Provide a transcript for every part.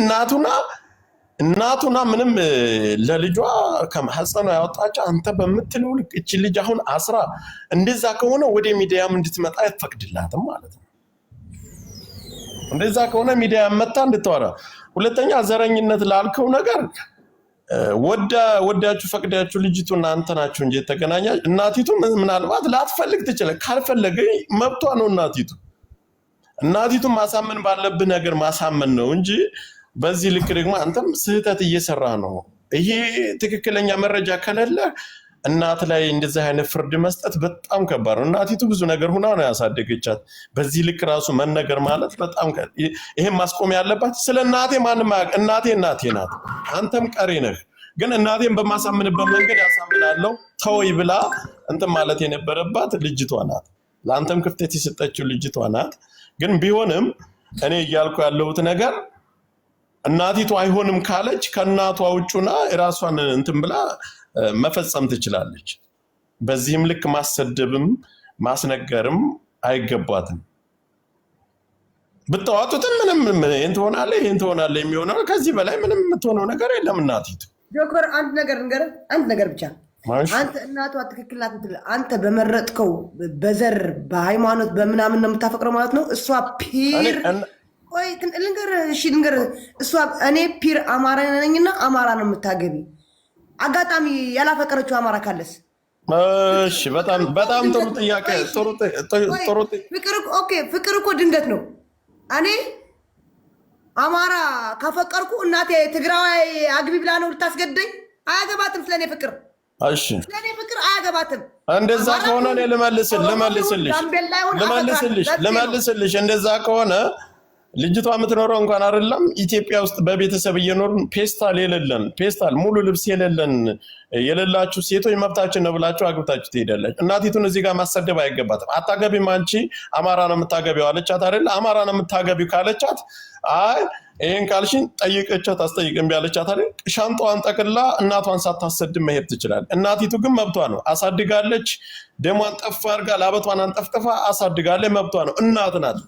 እናቱና እናቱና ምንም ለልጇ ከማህፀኗ ያወጣች አንተ በምትለው ልክ እቺ ልጅ አሁን አስራ እንደዛ ከሆነ ወደ ሚዲያም እንድትመጣ አይፈቅድላትም ማለት ነው። እንደዛ ከሆነ ሚዲያ መታ እንድታወራ። ሁለተኛ ዘረኝነት ላልከው ነገር ወዳችሁ ፈቅዳችሁ ልጅቱ እናንተ ናችሁ እንጂ የተገናኛ እናቲቱ ምናልባት ላትፈልግ ትችላል። ካልፈለገ መብቷ ነው እናቲቱ እናቲቱ ማሳመን ባለብህ ነገር ማሳመን ነው እንጂ በዚህ ልክ ደግሞ አንተም ስህተት እየሰራ ነው። ይሄ ትክክለኛ መረጃ ከሌለ እናት ላይ እንደዚህ አይነት ፍርድ መስጠት በጣም ከባድ ነው። እናቲቱ ብዙ ነገር ሁና ነው ያሳደገቻት። በዚህ ልክ ራሱ መነገር ማለት በጣም ይሄን ማስቆም ያለባት። ስለ እናቴ ማንም አያውቅ። እናቴ እናቴ ናት። አንተም ቀሪ ነህ። ግን እናቴን በማሳምንበት መንገድ ያሳምናለው ተወይ ብላ እንትን ማለት የነበረባት ልጅቷ ናት። ለአንተም ክፍተት የሰጠችው ልጅቷ ናት። ግን ቢሆንም እኔ እያልኩ ያለሁት ነገር እናቲቱ አይሆንም ካለች ከእናቷ ውጩና የራሷን እንትን ብላ መፈጸም ትችላለች። በዚህም ልክ ማሰደብም ማስነገርም አይገባትም። ብታዋጡትም ምንም ይህን ትሆናለ ይህን ትሆናለ የሚሆነው ከዚህ በላይ ምንም የምትሆነው ነገር የለም። እናቲቱ ዶክተር አንድ ነገር ንገር፣ አንድ ነገር ብቻ አንተ እናቷ ትክክል ናት እምትል አንተ በመረጥከው በዘር በሃይማኖት በምናምን ነው የምታፈቅረው ማለት ነው እሷ ፒር ቆይ ልንገር፣ እሺ ልንገር። እሷ እኔ ፒር አማራ ነኝና አማራ ነው የምታገቢ። አጋጣሚ ያላፈቀረችው አማራ ካለስ? እሺ፣ በጣም በጣም ጥሩ ጥያቄ። ፍቅር እኮ ድንገት ነው። እኔ አማራ ካፈቀርኩ እናቴ ትግራዋይ አግቢ ብላ ነው ልታስገደኝ? አያገባትም። ስለኔ ፍቅር እሺ፣ ስለኔ ፍቅር አያገባትም። እንደዛ ከሆነ እኔ ልመልስልሽ ልመልስልሽ ልመልስልሽ እንደዛ ከሆነ ልጅቷ የምትኖረው እንኳን አይደለም ኢትዮጵያ ውስጥ በቤተሰብ እየኖርን ፔስታል የሌለን ፔስታል ሙሉ ልብስ የሌለን የሌላችሁ ሴቶች መብታችን ነው ብላችሁ አግብታችሁ ትሄዳለች። እናቲቱን እዚህ ጋር ማሰደብ አይገባትም። አታገቢም አንቺ አማራ ነው የምታገቢው አለቻት አይደለ? አማራ ነው የምታገቢው ካለቻት አይ ይህን ካልሽን ጠይቀቻት አስጠይቅም ቢያለቻት አይደል? ሻንጧን ጠቅላ እናቷን ሳታሰድብ መሄድ ትችላል። እናቲቱ ግን መብቷ ነው አሳድጋለች። ደሟን ጠፍ አድርጋ ላበቷን አንጠፍጥፋ አሳድጋለች። መብቷ ነው። እናት ናት።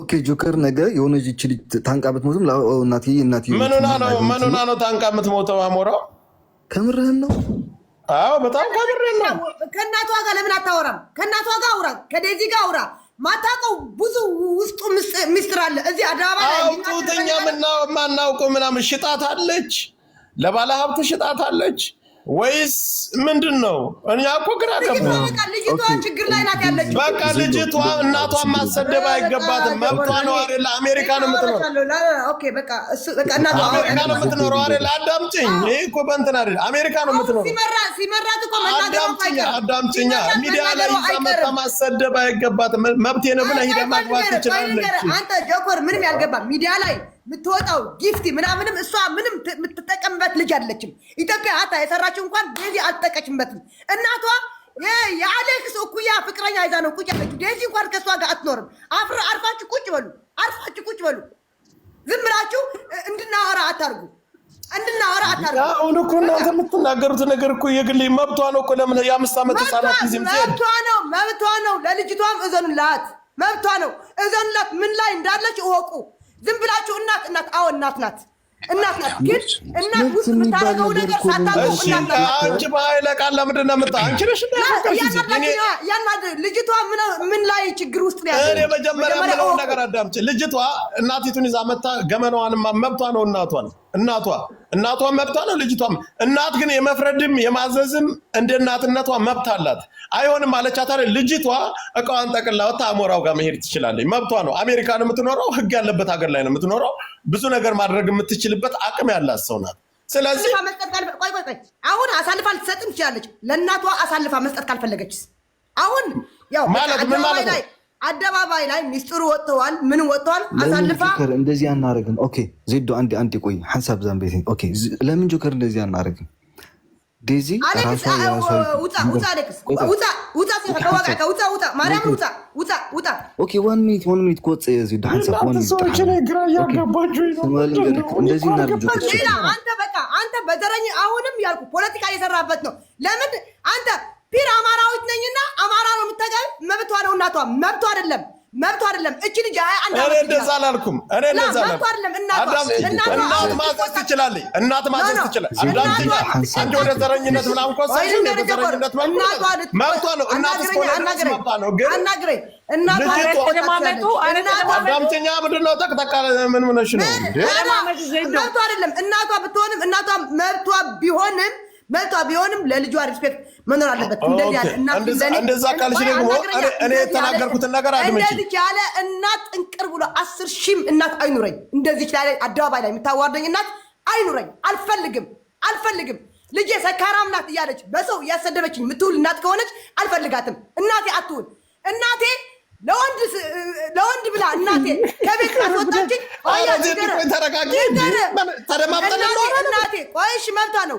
ኦኬ ጆከር፣ ነገ የሆነ ጅች ልጅ ታንቃ ብትሞትም እናት እናት ምኑና ነው ታንቃ የምትሞተው? አሞራው ከምርህን ነው? አዎ በጣም ከምርህን ነው። ከእናቷ ጋር ለምን አታወራም? ከእናቷ ጋር አውራ፣ ከዴዚ ጋር አውራ። ማታውቀው ብዙ ውስጡ ሚስጥር አለ። እዚህ አደባባይ አውጡትኛ የማናውቀው ምናምን ሽጣት አለች፣ ለባለ ሀብት ሽጣት አለች። ወይስ ምንድን ነው? እኔ እኮ ግራ ገባኝ። በቃ ልጅቷ እናቷን ማሰደብ አይገባትም፣ መብቷ ነው አይደለ? አሜሪካ ነው የምትኖረው አይደለ? አዳምጪኝ። ይህ እኮ በእንትን አይደለ? አሜሪካ ነው የምትኖረው። አዳምጪኝ። ሚዲያ ላይ ይዛ መታ ማሰደብ አይገባትም፣ መብቴ ነው ብለህ ሂደህ ማግባት ትችላለች። የምትወጣው ጊፍቲ ምናምንም እሷ ምንም የምትጠቀምበት ልጅ አለችም። ኢትዮጵያ አታ የሰራችው እንኳን ዴዚ አልጠቀችበትም። እናቷ የአሌክስ እኩያ ፍቅረኛ ይዛ ነው ቁጭ ያለችው። ዴዚ እንኳን ከእሷ ጋር አትኖርም። አፍር አርፋችሁ ቁጭ በሉ፣ አርፋችሁ ቁጭ በሉ። ዝም ብላችሁ እንድናወራ አታርጉ፣ እንድናወራ አታርጉ። አሁን እኮ እናንተ የምትናገሩት ነገር እኮ የግል መብቷ ነው እኮ ለምን የአምስት ዓመት ህፃናት ጊዜም መብቷ ነው፣ መብቷ ነው። ለልጅቷም እዘኑላት፣ መብቷ ነው፣ እዘኑላት። ምን ላይ እንዳለች እወቁ። ዝም ብላችሁ እናት እናት፣ አዎ እናት ናት እናት ናት። ግን እናት ውስጥ የምታደርገው ነገር እናት ናት። አንቺ በኃይለ ቃል ለምንድን ነው አንቺ ነሽ ልጅቷ ምን ላይ ችግር ውስጥ ነው መጀመሪያ ምለውን ነገር አዳምጪ። ልጅቷ እናቲቱን ይዛ መታ ገመናዋንማ መብቷ ነው እናቷን እናቷ እናቷ መብቷ ነው፣ ልጅቷም እናት ግን የመፍረድም የማዘዝም እንደ እናትነቷ መብት አላት። አይሆንም ማለቻታ ልጅቷ እቃዋን ጠቅላ ወጥታ አሞራው ጋር መሄድ ትችላለች፣ መብቷ ነው። አሜሪካን የምትኖረው ህግ ያለበት ሀገር ላይ ነው የምትኖረው። ብዙ ነገር ማድረግ የምትችልበት አቅም ያላት ሰው ናት። ስለዚህ አሁን አሳልፋ ልትሰጥም ትችላለች። ለእናቷ አሳልፋ መስጠት ካልፈለገችስ አሁን ያው ማለት ምን ማለት ነው? አደባባይ ላይ ሚስጥሩ ወጥተዋል። ምን ወጥተዋል? አሳልፋ እንደዚህ አናደርግም። ኦኬ ዜዶ አንድ አንድ ቆይ ሀሳብ ዛንቤት ኦኬ። ለምን ጆከር እንደዚህ አናደርግም? ዴዚ ሚኒት ሚኒት እንደዚህ አንተ በቃ አንተ አሁንም ያልኩ ፖለቲካ እየሰራበት ነው። ለምን አንተ ፒር አማራ እናቷ መብቶ አይደለም መብቶ አይደለም። እቺ ልጅ አይ አንድ አመት እንደዛ አላልኩም እኔ እንደዛ አላልኩም። አይደለም እናቷ እናት ማዘዝ ትችላለች። እናት ማዘዝ ትችላለች። አንድ ወደ ዘረኝነት ምናምን ወደ ዘረኝነት መብቷ ነው። እናት ነው። ግን እናቷ አዳምጪኛ። ምንድን ነው ጠቅጠቃ ምን ምነሽ ነው? መብቶ አይደለም። እናቷ ብትሆንም እናቷ መብቷ ቢሆንም መቷ ቢሆንም ለልጇ ሪስፔክት መኖር አለበት። እንደዛ ካልሽ ደግሞ እኔ የተናገርኩትን ነገር አድመጪ። እንደዚህ ያለ እናት እንቅር ብሎ አስር ሺህም እናት አይኑረኝ። እንደዚህ ያለ አደባባይ ላይ የምታዋርደኝ እናት አይኑረኝ። አልፈልግም፣ አልፈልግም። ልጄ ሰካራም ናት እያለች በሰው እያሰደበችኝ የምትውል እናት ከሆነች አልፈልጋትም። እናቴ አትሁን እናቴ ለወንድ ብላ እናቴ ከቤት አስወጣችኝ። ተረጋጊ። ተደማምጠን እናቴ ቆይሽ መብቷ ነው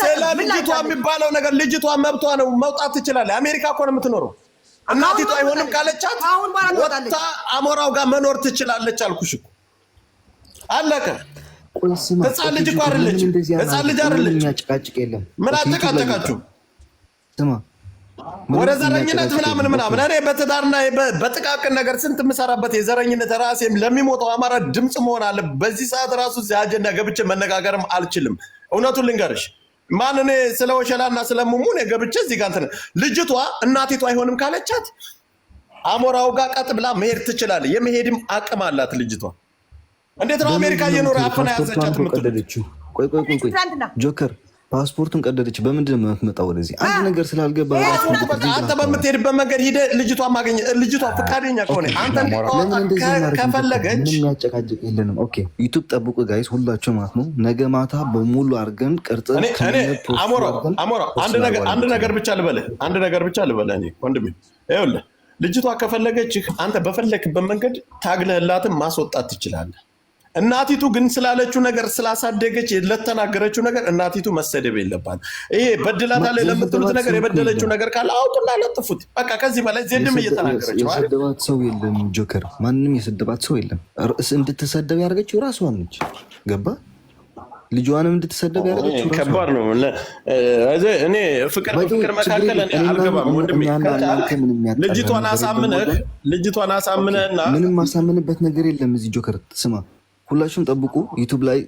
ስለ ልጅቷ የሚባለው ነገር ልጅቷ መብቷ ነው፣ መውጣት ትችላለች። አሜሪካ እኮ ነው የምትኖረው። እናቲቷ አይሆንም ካለቻት ወጥታ አሞራው ጋር መኖር ትችላለች። አልኩሽ እኮ አለቀ። ህፃን ልጅ እኮ አይደለች፣ ህፃን ልጅ አይደለች። ምን አጨቃጨቃችሁ? ወደ ዘረኝነት ምናምን ምናምን እኔ በትዳርና በጥቃቅን ነገር ስንት የምሰራበት የዘረኝነት ራሴም ለሚሞተው አማራ ድምፅ መሆን አለ። በዚህ ሰዓት ራሱ እዚህ አጀንዳ ገብቼ መነጋገርም አልችልም። እውነቱን ልንገርሽ ማን እኔ ስለ ወሸላ እና ስለ ሙሙ እኔ ገብቼ እዚህ ጋር እንትን ልጅቷ እናቴቷ አይሆንም ካለቻት አሞራው ጋር ቀጥ ብላ መሄድ ትችላለች። የመሄድም አቅም አላት ልጅቷ። እንዴት ነው አሜሪካ እየኖረ አፍና ያዘቻት? ቆይ ጆከር ፓስፖርቱን ቀደደች። በምንድን ነው የምትመጣው ወደዚህ? አንድ ነገር ስላልገባ አንተ በምትሄድበት መንገድ ሂደህ ልጅቷ ማገኘ ልጅቷ ፈቃደኛ ከሆነ ከፈለገች የሚያጨቃጭቅ የለንም። ኦኬ ዩቱብ ጠብቁ ጋይስ፣ ሁላቸው ማለት ነው። ነገ ማታ በሙሉ አድርገን ቅርጽ አንድ ነገር ብቻ ልበልህ፣ አንድ ነገር ብቻ ልበልህ ወንድሜ፣ ይኸውልህ ልጅቷ ከፈለገችህ አንተ በፈለግበት መንገድ ታግለህላትን ማስወጣት ትችላለህ። እናቲቱ ግን ስላለችው ነገር ስላሳደገች ለተናገረችው ነገር እናቲቱ መሰደብ የለባት። ይሄ በድላታ ላይ ለምትሉት ነገር የበደለችው ነገር ካለ አውጡና ለጥፉት። በቃ ከዚህ በላይ ዜድም እየተናገረች የሰደባት ሰው የለም። ጆከር ማንም የሰደባት ሰው የለም። እንድትሰደብ ያደርገችው ራሷን ነች። ገባ ልጇንም እንድትሰደብ ያደረገችው ከባድ ነው። እኔ ፍቅር በፍቅር መካከል አልገባም ወንድሜ። ልጅቷን አሳምነህ ልጅቷን አሳምነህና ምንም ማሳምንበት ነገር የለም እዚህ ጆከር ስማ ሁላችሁም ጠብቁ። ዩቱብ ላይ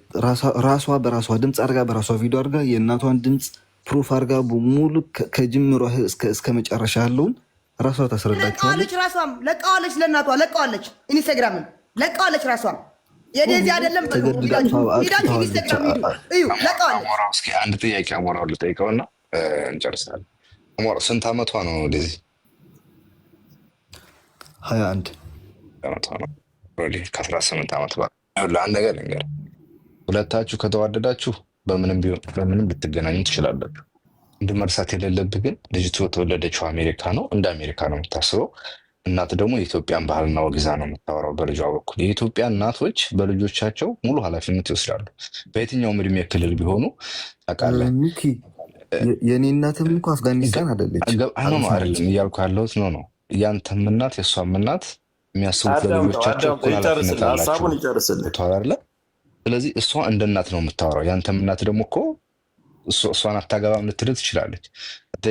ራሷ በራሷ ድምፅ አድርጋ በራሷ ቪዲዮ አድርጋ የእናቷን ድምፅ ፕሩፍ አድርጋ ሙሉ ከጅምሯ እስከ መጨረሻ ያለውን ራሷ ታስረዳችኋለች። ራሷም ለቃዋለች፣ ለእናቷ ለቃዋለች፣ ኢንስታግራምን ለቃዋለች። ራሷም የደዚ አይደለም አንድ ጥያቄ አሞራው ልጠይቀውና እንጨርሳለን። አሞራ ስንት አመቷ ነው ደዚ? ሀያ አንድ ከአስራ ስምንት ዓመት በኋላ አንድ ነገር ልንገርህ፣ ሁለታችሁ ከተዋደዳችሁ በምንም ቢሆን በምንም ልትገናኙ ትችላለች። እንደ መርሳት የሌለብህ ግን ልጅቱ የተወለደችው አሜሪካ ነው። እንደ አሜሪካ ነው የምታስበው። እናት ደግሞ የኢትዮጵያን ባህልና ወግዛ ነው የምታወራው። በልጇ በኩል የኢትዮጵያ እናቶች በልጆቻቸው ሙሉ ኃላፊነት ይወስዳሉ። በየትኛውም እድሜ ክልል ቢሆኑ ታውቃለህ። የእኔ እናትም እኮ አፍጋኒስታን አይደለች። አይደለም እያልኩ ያለሁት ነው ነው ያንተም እናት የእሷም እናት የሚያስቡት ለልጆቻቸው ሀሳቡን ይጨርስልን። ስለዚህ እሷ እንደ እናት ነው የምታወራው። ያንተም እናት ደግሞ እኮ እሷን አታገባም ልትልህ ትችላለች።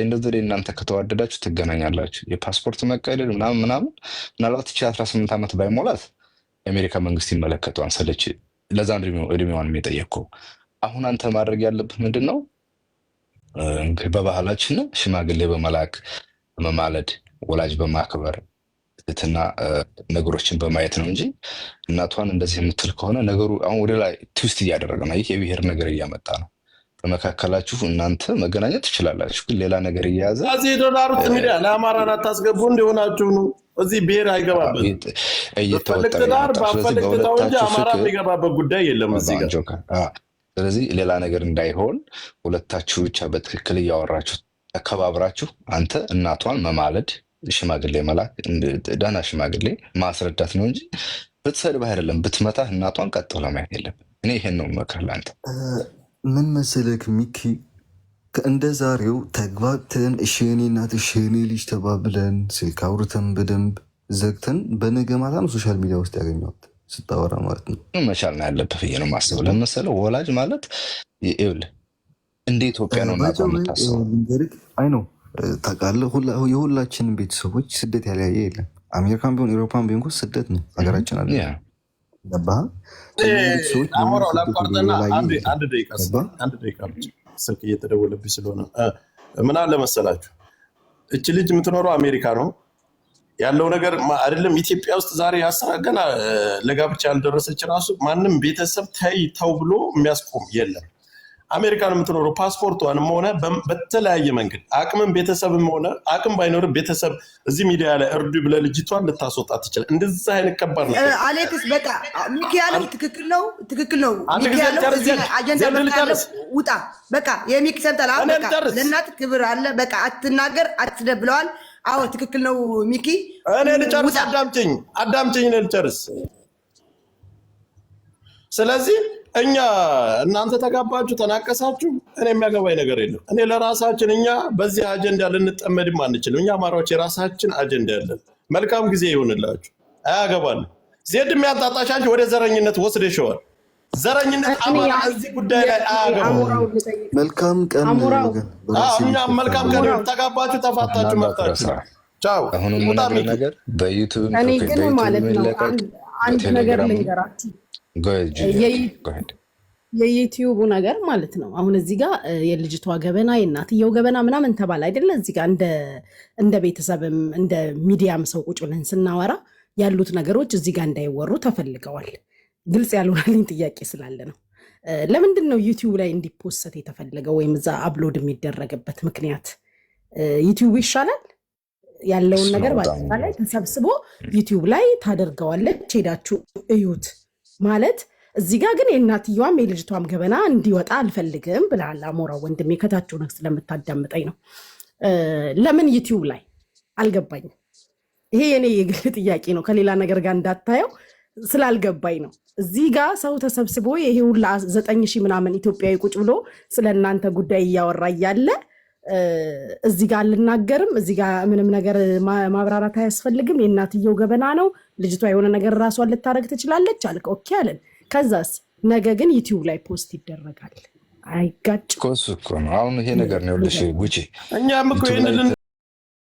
እንደዚህ ላይ እናንተ ከተዋደዳችሁ ትገናኛላችሁ። የፓስፖርት መቀደድ ምናምን ምናምን ምናልባት ይቺ አስራ ስምንት ዓመት ባይሞላት የአሜሪካ መንግስት ይመለከቷን ሰለች። ለዛ እድሜዋን የጠየቅከው አሁን አንተ ማድረግ ያለብህ ምንድን ነው? እንግዲህ በባህላችን ሽማግሌ በመላክ በመማለድ ወላጅ በማክበር በትህትና ነገሮችን በማየት ነው እንጂ እናቷን እንደዚህ የምትል ከሆነ ነገሩ አሁን ወደ ላይ ትውስት እያደረገ ነው። ይህ የብሔር ነገር እያመጣ ነው። በመካከላችሁ እናንተ መገናኘት ትችላላችሁ፣ ግን ሌላ ነገር እየያዘ እዚህ ዶላሩት ሚዲያ ለአማራን አታስገቡ እንደሆናችሁ ነው። እዚህ ብሔር አይገባበት እየተወጣዳር እንጂ አማራ የሚገባበት ጉዳይ የለም እዚህ ጋር። ስለዚህ ሌላ ነገር እንዳይሆን ሁለታችሁ ብቻ በትክክል እያወራችሁ ተከባብራችሁ አንተ እናቷን መማለድ ሽማግሌ መላክ ደህና ሽማግሌ ማስረዳት ነው እንጂ ብትሰድብህ አይደለም ብትመታህ እናቷን ቀጥ ብለህ ማየት የለብህም። እኔ ይሄን ነው መክር ለአንተ። ምን መሰለህ ሚኪ፣ እንደ ዛሬው ተግባብተን እሽኔ የኔ እናት እሺ ልጅ ተባብለን ስልክ አውርተን በደንብ ዘግተን በነገ ማታም ሶሻል ሚዲያ ውስጥ ያገኘት ስታወራ ማለት ነው መቻል ነው ያለብህ ብዬ ነው የማስበው። ለመሰለህ ወላጅ ማለት ይብል እንደ ኢትዮጵያ ነው ናቋ የምታስበው። አይ ነው ታውቃለህ፣ የሁላችንም ቤተሰቦች ስደት ያለያየ የለም። አሜሪካን ቢሆን ኤሮፓን ቢሆን ስደት ነው ሀገራችን አለ ስልክ እየተደወለብኝ ስለሆነ ምን አለ መሰላችሁ፣ እች ልጅ የምትኖረው አሜሪካ ነው ያለው ነገር አይደለም። ኢትዮጵያ ውስጥ ዛሬ ያሰራገና ለጋብቻ ያልደረሰች ራሱ ማንም ቤተሰብ ተይ ተው ብሎ የሚያስቆም የለም። አሜሪካን የምትኖረው ፓስፖርቷንም ሆነ በተለያየ መንገድ አቅምም ቤተሰብም ሆነ አቅም ባይኖርም ቤተሰብ እዚህ ሚዲያ ላይ እርዱ ብለ ልጅቷን ልታስወጣ ትችላል። እንደዚ አይነት ከባድ ነው። አሌክስ በቃ ሚኪ ያለው ትክክል ነው፣ ትክክል ነው። አጀንዳ ውጣ በቃ የሚክ ሰምጠላ ለእናት ክብር አለ። በቃ አትናገር፣ አትደብለዋል። አዎ ትክክል ነው ሚኪ። እኔ ልጨርስ፣ አዳምጭኝ፣ አዳምጭኝ፣ ልጨርስ። ስለዚህ እኛ እናንተ ተጋባችሁ ተናቀሳችሁ፣ እኔ የሚያገባኝ ነገር የለም። እኔ ለራሳችን እኛ በዚህ አጀንዳ ልንጠመድም አንችልም። እኛ አማራዎች የራሳችን አጀንዳ ያለን። መልካም ጊዜ ይሁንላችሁ። አያገባን። ዜድ የሚያጣጣሻችሁ ወደ ዘረኝነት ወስደሽዋል። ዘረኝነት አማራ እዚህ ጉዳይ ላይ አያገባም። መልካም ቀን። እኛም መልካም ቀን። ተጋባችሁ፣ ተፋታችሁ፣ መርታችሁ ቻው። አሁን ነገር በዩቱብ የሚለቀቅ አንድ ነገር ልንገራችሁ የዩትዩቡ ነገር ማለት ነው። አሁን እዚህ ጋር የልጅቷ ገበና የእናትየው ገበና ምናምን ተባለ አይደለ? እዚህ ጋር እንደ ቤተሰብም እንደ ሚዲያም ሰው ቁጭ ብለን ስናወራ ያሉት ነገሮች እዚህ ጋር እንዳይወሩ ተፈልገዋል። ግልጽ ያልሆነልኝ ጥያቄ ስላለ ነው። ለምንድን ነው ዩትዩብ ላይ እንዲፖሰት የተፈለገው ወይም እዛ አፕሎድ የሚደረግበት ምክንያት? ዩትዩብ ይሻላል ያለውን ነገር በአጠቃላይ ተሰብስቦ ዩትዩብ ላይ ታደርገዋለች። ሄዳችሁ እዩት። ማለት እዚህ ጋር ግን የእናትየዋም የልጅቷም ገበና እንዲወጣ አልፈልግም ብለሃል። አሞራው ወንድሜ ከታችሁ ነህ ስለምታዳምጠኝ ነው። ለምን ዩቲዩብ ላይ አልገባኝም። ይሄ የኔ የግል ጥያቄ ነው፣ ከሌላ ነገር ጋር እንዳታየው ስላልገባኝ ነው። እዚህ ጋር ሰው ተሰብስቦ ይሄ ሁላ ዘጠኝ ሺህ ምናምን ኢትዮጵያዊ ቁጭ ብሎ ስለ እናንተ ጉዳይ እያወራ እያለ እዚህ ጋር አልናገርም፣ እዚህ ጋር ምንም ነገር ማብራራት አያስፈልግም፣ የእናትየው ገበና ነው፣ ልጅቷ የሆነ ነገር ራሷን ልታደረግ ትችላለች አልክ። ኦኬ አለን። ከዛስ ነገ ግን ዩቲዩብ ላይ ፖስት ይደረጋል። አይጋጭ እኮ እሱ እኮ ነው አሁን ይሄ ነገር ነው። ልሽ ጉቺ እኛም እኮ ይህንን